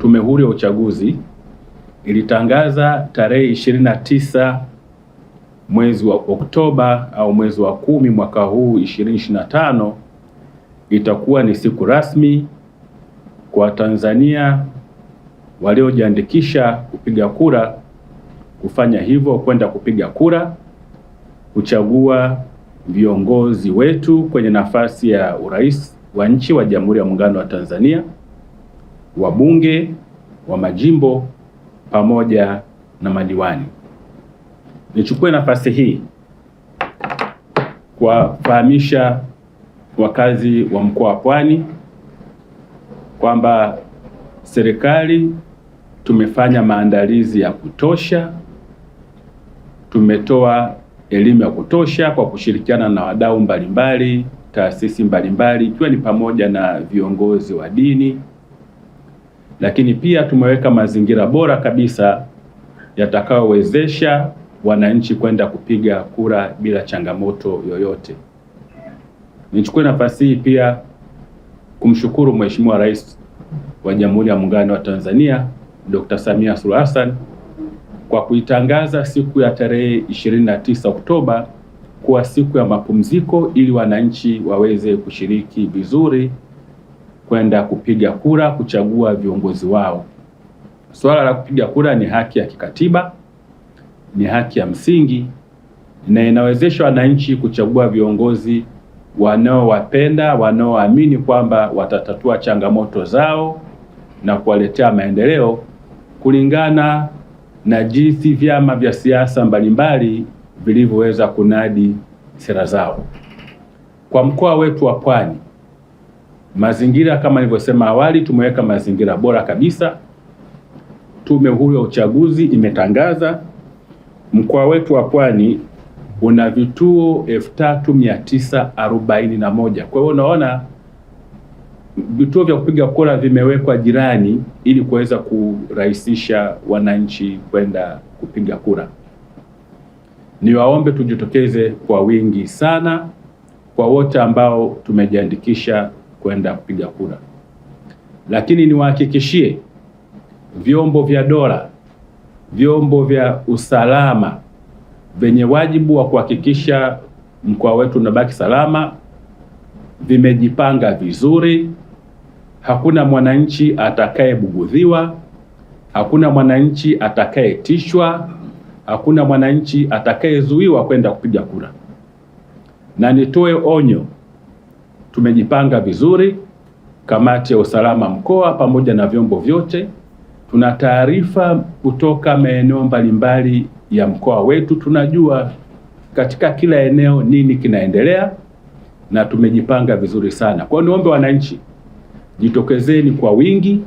Tume Huru ya Uchaguzi ilitangaza tarehe 29 mwezi wa Oktoba au mwezi wa kumi mwaka huu 2025 itakuwa ni siku rasmi kwa Watanzania waliojiandikisha kupiga kura kufanya hivyo, kwenda kupiga kura kuchagua viongozi wetu kwenye nafasi ya urais wa nchi wa Jamhuri ya Muungano wa Tanzania wabunge wa majimbo pamoja na madiwani. Nichukue nafasi hii kuwafahamisha wakazi wa mkoa wa Pwani kwamba serikali tumefanya maandalizi ya kutosha, tumetoa elimu ya kutosha kwa kushirikiana na wadau mbalimbali, taasisi mbalimbali, ikiwa ni pamoja na viongozi wa dini lakini pia tumeweka mazingira bora kabisa yatakayowezesha wananchi kwenda kupiga kura bila changamoto yoyote. Nichukue nafasi hii pia kumshukuru Mheshimiwa Rais wa Jamhuri ya Muungano wa Tanzania Dr. Samia Suluhu Hassan kwa kuitangaza siku ya tarehe 29 Oktoba kuwa siku ya mapumziko ili wananchi waweze kushiriki vizuri kwenda kupiga kura kuchagua viongozi wao. Suala la kupiga kura ni haki ya kikatiba, ni haki ya msingi na inawezesha wananchi kuchagua viongozi wanaowapenda, wanaoamini kwamba watatatua changamoto zao na kuwaletea maendeleo kulingana na jinsi vyama vya siasa mbalimbali vilivyoweza kunadi sera zao. Kwa mkoa wetu wa Pwani Mazingira kama nilivyosema awali, tumeweka mazingira bora kabisa. Tume Huru ya Uchaguzi imetangaza mkoa wetu wa Pwani una vituo 3941. Kwa hiyo unaona vituo vya kupiga kura vimewekwa jirani ili kuweza kurahisisha wananchi kwenda kupiga kura. Niwaombe tujitokeze kwa wingi sana kwa wote ambao tumejiandikisha kwenda kupiga kura. Lakini niwahakikishie vyombo vya dola, vyombo vya usalama vyenye wajibu wa kuhakikisha mkoa wetu unabaki salama vimejipanga vizuri. Hakuna mwananchi atakayebugudhiwa, hakuna mwananchi atakayetishwa, hakuna mwananchi atakayezuiwa kwenda kupiga kura. Na nitoe onyo tumejipanga vizuri, kamati ya usalama mkoa pamoja na vyombo vyote. Tuna taarifa kutoka maeneo mbalimbali ya mkoa wetu, tunajua katika kila eneo nini kinaendelea na tumejipanga vizuri sana. Kwa hiyo niombe wananchi, jitokezeni kwa wingi,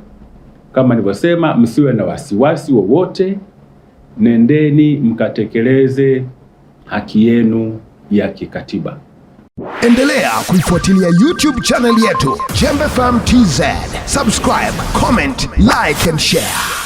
kama nilivyosema, msiwe na wasiwasi wowote, nendeni mkatekeleze haki yenu ya kikatiba. Endelea kuifuatilia YouTube channel yetu Jembe FM TZ. Subscribe, comment, like and share.